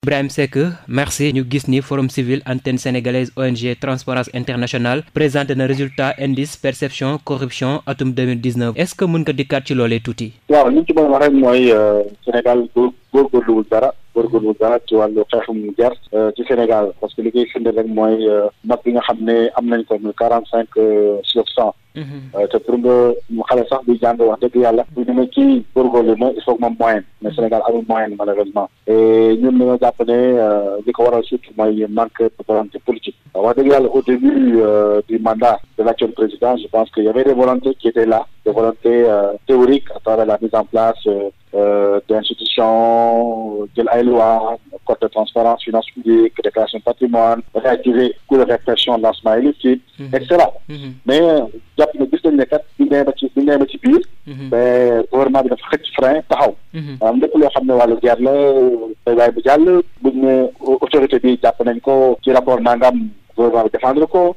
Ibrahima Seck merci ñu gis ni forum civil antenne sénégalaise ONG transparence internationale présenté na résultat indice perception corruption atum 2019 est-ce que mën ci loolee tuuti. waaw ñu ci mën a mooy euh, Sénégal góorgóorluwul dara góorgóorluwul dara ci wàllu xeexum ger euh, ci Sénégal parce que li koy firndeel rek mooy euh, mag ki nga xam ne am nañ ko muy quarante cinq euh, sur cent mhm. te pour nga xale sax buy jàng wax dëgg yàlla bu ñu ne kii góorgóorlu na il faut que moom moyen mais Sénégal amul moyen malheureusement et ñun dañoo jàpp ne li ko waral surtout mooy manque de volonté politique wax dëgg yàlla au début du mandat de l'actuel président je pense que y avait des volontés qui là de volonté euh, théorique a travers la mise en place euh, euh, d'institutions, de la loi, code de transparence, finances publiques, déclaration de patrimoine, réactiver cours de répression de lancement illicite, mhm. etc. Mhm. mais jàpp na gis nañ ne kat bi nee ba ci bi nee ba ci biir mhm. mais gouvernement bi dafa xëcc frein taxaw am lépp loo xam ne wàllu guerre la day bàyyi bu ko ci rapport nangam gouvernement bi défendre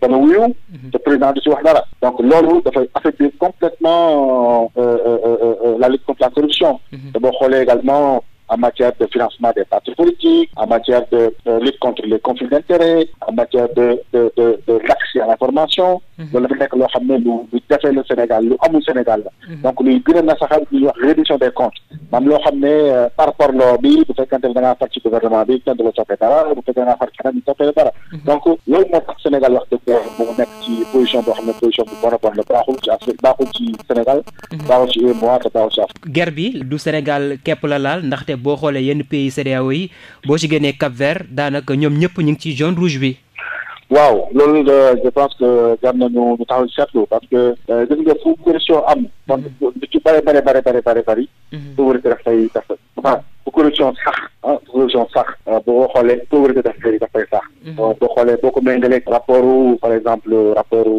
dana wuyu. Mhm. te président du si wax dara. donc loolu dafay affaiblir complètement euh, euh, euh, la lutte contre la corruption. Mhm. te boo xoolee également. en matière de financement des partis politiques en matière de, de lutte contre les conflits d'intérêts en matière de de de de l'accès à l'information mhm. loolu dafa nekk loo xam ne lu lu jafe la Sénégal lu amul Sénégal la donc luy gën a nasaxal réduction des comptes maam loo xam ne euh, par rapport bi bu fekkante ne da ngaa far ci gouvernement bi kenn du la toppee dara bu fekkee far keneen dara. Mhm. donc loolu moo tax Sénégal wax bu mu nekk ci position boo xam ne position bu bon a bon la baaxul ci Afrique baaxul ci Sénégal. Mhm. baaxul ci UEMOA baaxul ci Afrique. guerre bi du Sénégal képp la laal ndaxte boo xoolee yenn pays CEDEAO yi boo ci génnee Cap Vert daanaka ñoom ñëpp ñu ngi ci zone rouge bi. waaw loolu euh, je pense que jar nañu ñu taxaw seetlu parce que euh, gis nga fu corruption am. donc mm-hmm. lu ci bëri bëri bëri bëri bëri bëri. pauvreté daf fay daf fay bu corruption sax ah bu corruption sax euh, boo xoolee pauvreté daf fay daf fay sax. Mm-hmm. boo xoolee boo ko méngalee par exemple rapport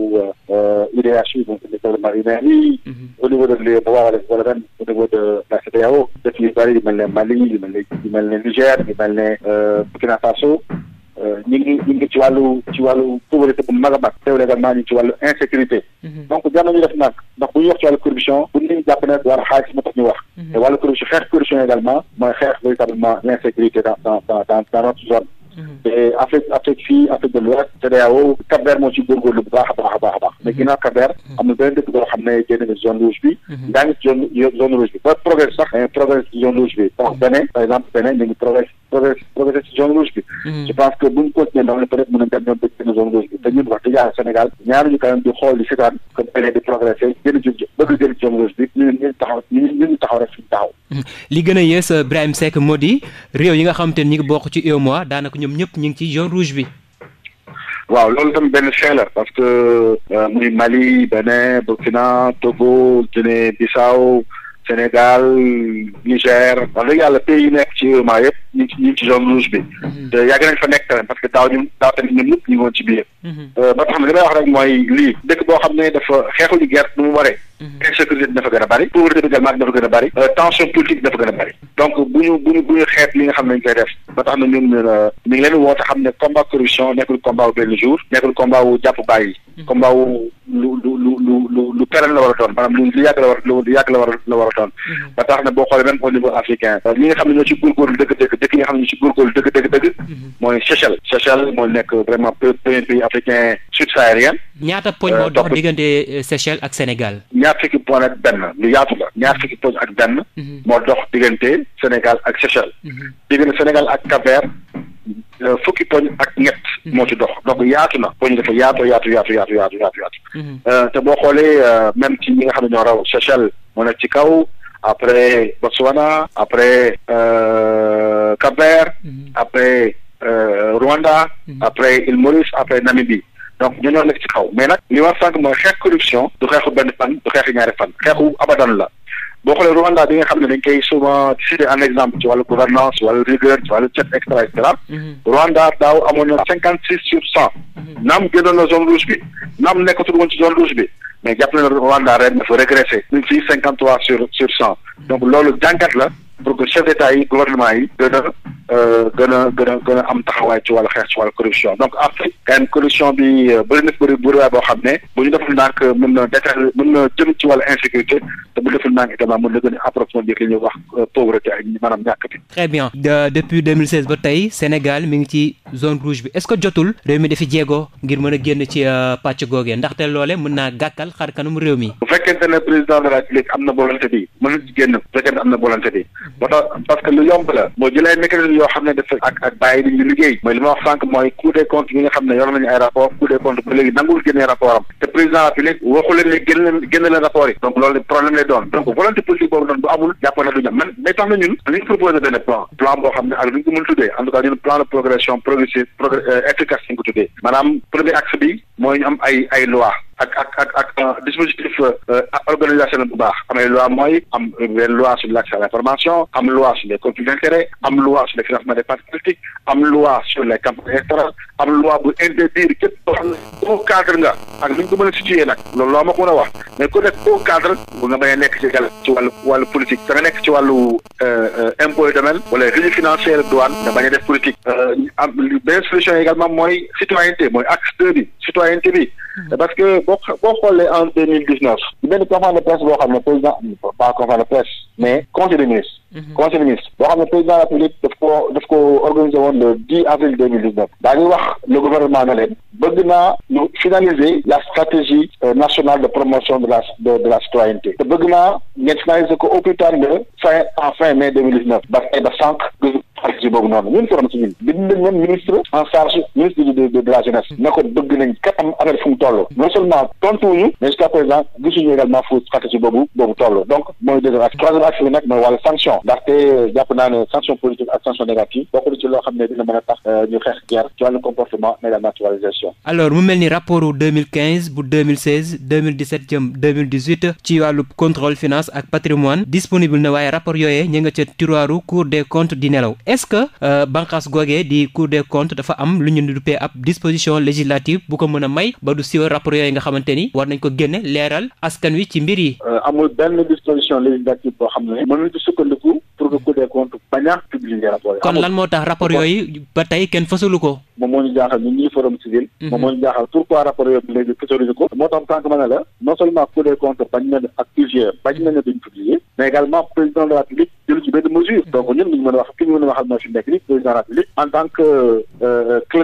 IDH moom ci développement humain yi. au niveau de l'UEMOA wala même au de la CEDEAO dëkk yu bëri yu mel ne Mali yu mel ne yu mel ne Niger yu mel Burkina Faso. ñu ngi ñu ngi ci wàllu ci wàllu pauvreté bu mag a mag teewul également ñu ci wàllu insécurité mhm. donc jar nañu def nag ndax bu ñuy wax ci wàllu corruption bu ñu jàpp ne war xaalis moo tax ñu wax mhm. te wàllu corruption xeex corruption également mooy xeex véritablement l' insécurité dans dans dans dans notre zone Mhm. te Afrique Afrique fii Afrique de l'Ouest CEDEAO Cap Vert moo ci góorgóorlu bu baax a baax a baax a baax mais ginnaaw Cap Vert mhm. am na beneen dëkk boo xam ne génn na zone rouge bi ndaa mhm. ngi zone zone rouge bi ba progrès sax progrès ci zone rouge bi tax beneen par exemple beneen ñu ngi progrès progrès progrès ci zone rouge bi je pense que bu ñu continuer ndax ne peut être mën nañ dem ñoom ba génn zone rouge bi te ñun wax dëgg yàlla Sénégal ñaaruñu quand même di xool di seetaan que beneen di progressé génn jëm bëgg génn zone rouge bi ñu ñu taxaw ñu ñu taxaw rek fi ñu taxaw Mhm. li gën a yées euh, Birahim Seck moo di réew yi nga xam te ni ñu ngi bokk ci UEMOA daanaka ñoom ñëpp ñu ngi ci zone rouge bi. waaw loolu tam benn fin parce que euh, muy Mali Bénin Burkina Togo Guinée Bissau Sénégal Niger wax dëgg yàlla pays yu nekk ci UEMOA yëpp. ñu ngi ci ñu ngi ci zone rouge bi. Mhm. te yàgg nañ fa nekk tamit parce que daaw ñu daaw tamit ñun ñëpp ñu ngi woon ci biir. Mhm. Euh, ba tax na li may wax rek mooy lii dëkk boo xam ne dafa xeexuñu gerte nu mu waree. Mhm. insécurité bi dafa gën a bëri. pauvreté bi également dafa gën a bëri. Euh, tension politique dafa gën a bëri. donc bu ñu bu ñu bu ñu xeet li nga xam ne dañ koy def. ba tax na ñun euh, ñu ngi leen woote xam ne combat corruption nekkul combat wu benn jour. nekkul combat wu jàpp bàyyi. combat wu lu lu lu lu lu pérenne la war a doon maanaam lu lu yàgg la war lu yàgg la war a la war a doon. ba tax na boo xoolee même au niveau africain. ñi nga xam ne ñoo ci góorgóorlu dëgg-dëgg dëkk yi nga xam ne ci góorgóorlu dëgg dëgg dëgg. Mhm. mooy Seychelles Seychelles mooy nekk vraiment premier pays africain sud-sahérien. ñaata poñ euh, moo dox diggante euh, Seychelles ak Sénégal. ñaar fukki poñ ak benn lu yaatu la ñaar mhm. fukki poñ ak benn. Mhm. moo dox diggante Sénégal ak Seychelles. diggante Sénégal ak Cap-Vert. Euh, fukki poñ ak ñett moo ci dox donc yaatu na poñ dafa yaatu yaatu yaatu yaatu yaatu yaatu yaatu te boo xoolee même ci ñi nga xam ne ñoo raw Seychelles moo nekk ci kaw après Botswana après euh, Cap-Vert mm -hmm. après euh, Rwanda mm -hmm. après île Maurice après Namibie donc ñu ñoo nekk ci kaw mais nag li war sànq mooy xeex corruption du xeexu benn fan du xeexu ñaari fan xeexu abadan la boo xoolee Rwanda bi nga xam ne dañ koy souvent cité en exemple ci wàllu gouvernance wàllu rigueur ci wàllu cet et cetera et mhm. Rwanda daaw amoon na cinquante six sur cent mhm. naam génnoon na zone rouge bi naam nekkatul woon ci zone rouge bi mais jàpp na Rwanda ren dafa régressé ñu ngi fii cinquante trois sur sur cent mhm. donc loolu jàngat la pour que chef d'état yi gouvernement yi gën a Euh, gën a gën a a am taxawaay ci wàllu xeex ci wàllu corruption donc Afrique quand même corruption bi euh, bëri na bëri boo xam ne bu ñu deful ndànk euh, mën na détail mën na jëm ci wàllu insécurité te bu deful ndànk itam mën na gën a approfondir li ñuy wax pauvreté ak maanaam ñàkk bi. très bien depuis 2016 ba tey Sénégal mi ngi ci zone rouge bi est-ce que jotul réew mi dafi jéego ngir mën a génn ci pàcc googee ndaxte loole mën naa gàkkal xar kanum réew mi. bu fekkente ne président de la République am na volonté yoo xam ne dafa ak ak bàyyi ñu liggéey mooy li ma wax sànq mooy Cour des comptes yi nga xam ne yor nañu ay rapport Cour des comptes ba léegi nangul génnee rapport am te président République waxu leen ne génn leen rapport yi donc loolu problème lay doon donc volonté politique boobu noonu bu amul jàpp na du ñam man day tax na ñun li ñu proposé benn plan plan boo xam ne ak lu ñu ko mën en tout cas ñun plan de progression progressive euh, efficace ñu ko tuddee maanaam premier axe bi mooy ay ay ak ak ak ak euh, dispositif euh, organisationnel bu baax am ay loi mooy am benn loi sur l'accès à l'information am loi sur les conflits d'intérêts am loi sur le financement des partis politiques am loi sur les campagnes électorales am loi bu interdire képp koo xam ne au cadre nga ak ni ñu ko mën a situé nag loolu loo ma ko a wax mais nekk au cadre bu nga bañ a nekk ci gàll ci wàllu wàllu nga nekk ci wàllu euh, impôt yu domaine wala régie financière douane nga bañ a def politique am beneen solution également mooy citoyenneté mooy acte citoyenneté bi. Mhm. parce que boo boo xoolee en deux mille dix neuf. benn conférence de presse boo xam ne président pas conférence de presse mais conseil des ministres. Mhm. conseil des ministres boo xam ne président de la République daf ko daf ko organisé woon le dix avril deux mille dix neuf. daañu wax le gouvernement na leen bëgg naa ñu finaliser la stratégie euh, nationale de promotion de la de de la citoyenneté. te bëgg naa ngeen finaliser ko au plus tard le fin en fin mai deux mille dix neuf. ba tey eh, ba sànq. stratégie boobu noonu ñun forom si ñun ministre de de la jeunesse ne ko bëgg nañ kat am fu mu toll non seulement tontuwuñu mais jusqu'à présent gisuñu également fu stratégie boobu boobu toll donc mooy deuxième axe troisième axe nag mooy wàllu sanction ndaxte jàpp naa ne sanction politique ak sanction négative bokk na ci loo xam ne dina mën a tax euh, ñu xeex guerre ci wàllu comportement mais également alors mu mel ni rapportu 2015 bu jëm ci wàllu contrôle finance que euh, bànqaas googee di cour de comptes dafa am lu ñu duppee ab disposition législative bu ko mën a may ba du siiwal rapport yi nga xamante ni war nañ ko génne leeral askan wi ci mbir yi. Euh, amul benn disposition législative boo xam ne mën nañ ci sukkandiku pour que des comptes bañ a rapport yi. kon lan moo tax rapport yooyu ba tey kenn fësalu ko. moom moo ñu jaaxal ñun ñii forum civil. Mhm. moom moo ñu jaaxal pourquoi rapport yooyu léegi fësaluñu ko. moo tax sànq ma non seulement Cour des comptes bañ na ne ak UGF bañ na ne duñ publier mais également président de la République jël ci benn mesure. Mhm. donc ñun ñu mën a wax ki ñu mën a waxal moo président de la République en tant que euh, clé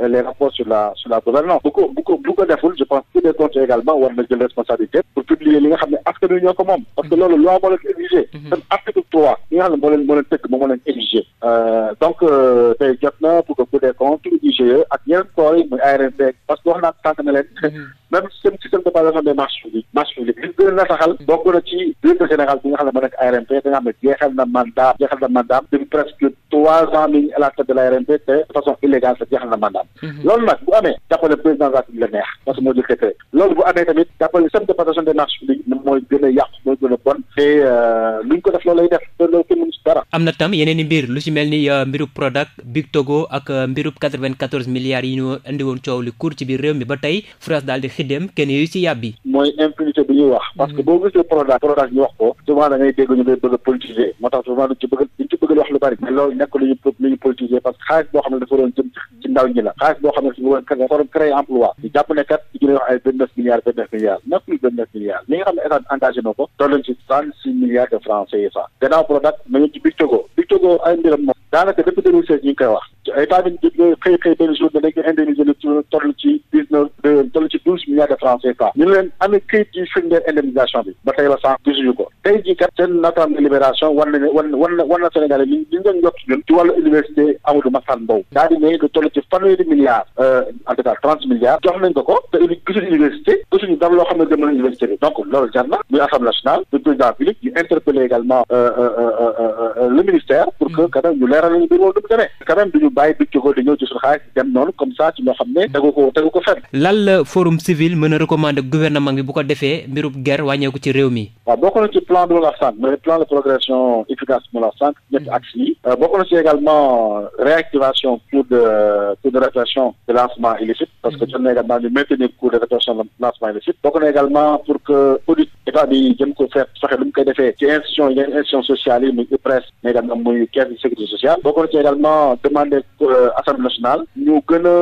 Euh, les rapports sur la sur la gouvernance bu ko bu ko bu ko deful je pense que des comptes également war na jël responsabilité pour publier li nga xam ne askan wi ñoo ko moom parce que loolu loi moo leen exigé seen mhm. article trois li nga xam ne moo leen moo leen tëkk moom moo leen exigé euh, donc euh, tey jot na pour que Cour des comptes e ak yeneen corps yi muy ARMP parce que wax naa mhm. a taxal mhm. bokk na ci directeur général bi nga xam ne moo nekk ARMP da nga xam ne na mandat jeexal na mandat depuis trois cent mille à la tête de la mhm. a a euh, am na tam yeneen i mbir lu si mel ni euh, mbirub Prodac Big Togo ak euh, mbirub quatre-vingt-quatorze milliards yi ñu indi coow li cour ci biir réew mi ba tey France daal xiddeem kenn yu si yàbbi mooy impunité bi ñuy wax parce que mhm. boo gisee Prodac Prodac ñu wax ko souvent da dégg ñu ngay bëgg a politiser moo tax souvent duñ ci bëgg duñ wax lu bari nekk lu ñu lu ñu parce que xaalis boo xam ne dafa doon ci ndaw ñi la xaalis boo xam ne si créer emploi jàpp ne kat ci ay vingt milliards vingt milliards nekkul vingt neuf milliards li milliards de francs CFA gannaaw Prodac nañu ci moom daanaka depuis deux ñu ngi koy wax xëy xëy benn jour ne indemniser toll ci douze milliards de francs CFA ñu leen amee këyit yi firndeel indemnisation bi ba tey la sànq gisuñu ko tey jii kat seen naataam libération jël ci wàllu université Amadou Mahtar Mbow daa di ne lu toll ci fanweeri milliards euh, en tout cas milliards jox nañ ko ko te uni gisuñu université gisuñu dara loo xam ne dem na université donc loolu jar na muy assemblée nationale le président Philippe ñu interpellé également euh, euh, le ministère pour que mm. quand ñu leeral lañu mbir moom du mu demee quand même duñu bàyyi duñ joxoo di ñëw ci suñu dem noonu comme ça ci ñoo xam ne tegu ko tegu ko fenn lan la forum civil mën a recommander gouvernement bi bu ko defee mbirub guerre wàññeeku ci réew mi waaw bokk na ci plan bi ma la wax sànq plan de progression efficace bi ma la wax sànq ñetti mm. axes yi euh, na ci également euh, réactivation cours de cours de répression de lancement illicite parce que mm. état bi jëm ko feet fexe lu mu koy defee ci institution yeneen institution sociales yi muy IPRES mais également muy caisse de sécurité sociale bokkoon ci également demandé euh, assemblée nationale ñu gën a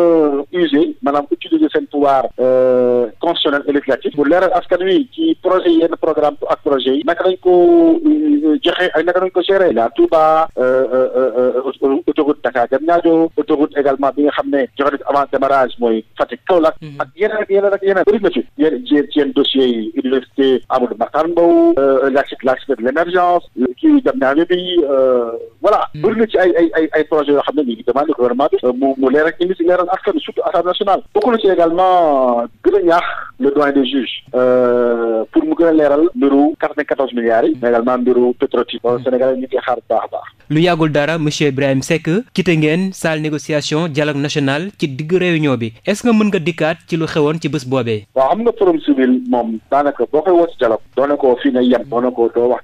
user maanaam utiliser seen pouvoir euh, constitutionnel et législatif pour leeral askan wi ci projet yi yenn programme ak projet yi naka nañ ko euh, joxe ak naka nañ ko gérer la Touba autoroute Dakar dem ñaajo autoroute également bi nga xam ne joxe nañ avant démarrage mooy Fatick Kaolack mhm. ak yeneen ak yeneen ak yeneen bëri na ci Amadou Makhtar Mbow, la, la de l'émergence, ci Diamniadio bi voilà hmm. bëri na ci ay ay ay ay projets yoo xam ne ñu ngi demandé gouvernement bi euh, mu mu leeral indi si leeral askan surtout assemblée nationale bokk na ci également euh, gën a ñaax le doyen des juges euh, pour mu gën a leeral mbiru quatre-vingt-quatorze milliards yi mais également mbiru Petrotim hmm. Sénégal ñu ngi xaar baax baax lu yàggul dara monsieur Ibrahim Seck quitté ngeen salle négociation dialogue national ci digg réunion bi est-ce que mën nga dikkaat ci lu xewoon ci bés boobee waaw a boo koy woo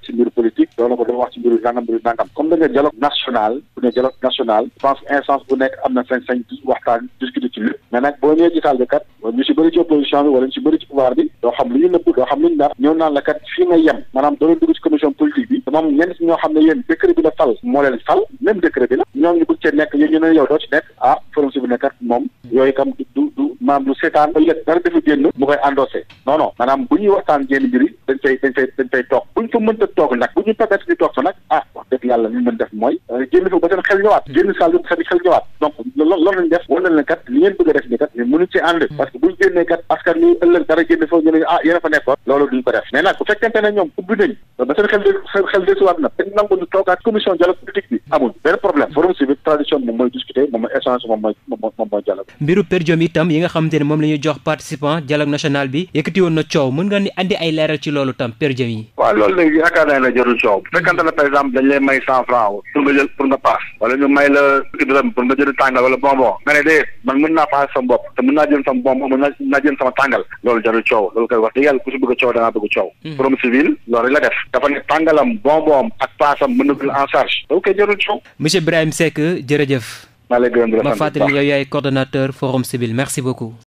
ci da wax ci mbiru nangam mbiru nangam comme da nga dialogue national bu ne dialogue national je pense instance bu nekk am na sañ-sañ bi waxtaan discuter ci lépp mais nag boo ñëwee ci saal bi kat ñu si bëri ci opposition bi wala ñu si bëri ci pouvoir bi doo xam lu ñu nëbb doo xam lu ñu nar ñëw naan la kat fii nga yem maanaam doo leen ci commission politique bi dama am si ñoo xam ne yéen décret bi la fal moo leen fal même bi la ñoom ñu ah, bëgg yooyu itam du du du maanaam du seetaan ëllëg dara dafa génn mu koy endossé non maanaam bu ñuy waxtaan génn mbiri dañ fay dañ fay dañ fay toog bu ñu ko mënta toog nag bu ñu permettre ñu toog fa nag yàlla ñu mën def mooy euh, génn fa ba seen xel ñëwaat génn saal ba xel ñëwaat donc loolu lañ def wan leen kat li ngeen bëgg a def ni kat ñu moom mooy jox participant dialogue national bi yëkkati woon na coow mën nga ni andi ay leeral ci loolu tam per diem yi waaw loolu nag yaakaar naa ne jarul coow fekkante ne par exemple dañ leen may cinq cent franc pour nga jël pour nga paas wala ñu may la itam pour nga jël tàngal wala bonbon nga ne dee man mën naa paas sama bopp te mën naa jël sama bonbon mën naa jël sama tàngal loolu jarul coow loolu koy wax dëgg yàlla ku si bëgg a coow dangaa bëgg coow forum hmm. civil loolu rek la def dafa ne tàngalam bonbon ak paasam mën na ko en charge loolu koy jarul coow monsieur Birahim Seck jërëjëf ma fàttali yow yaay coordonnateur forum civil merci beaucoup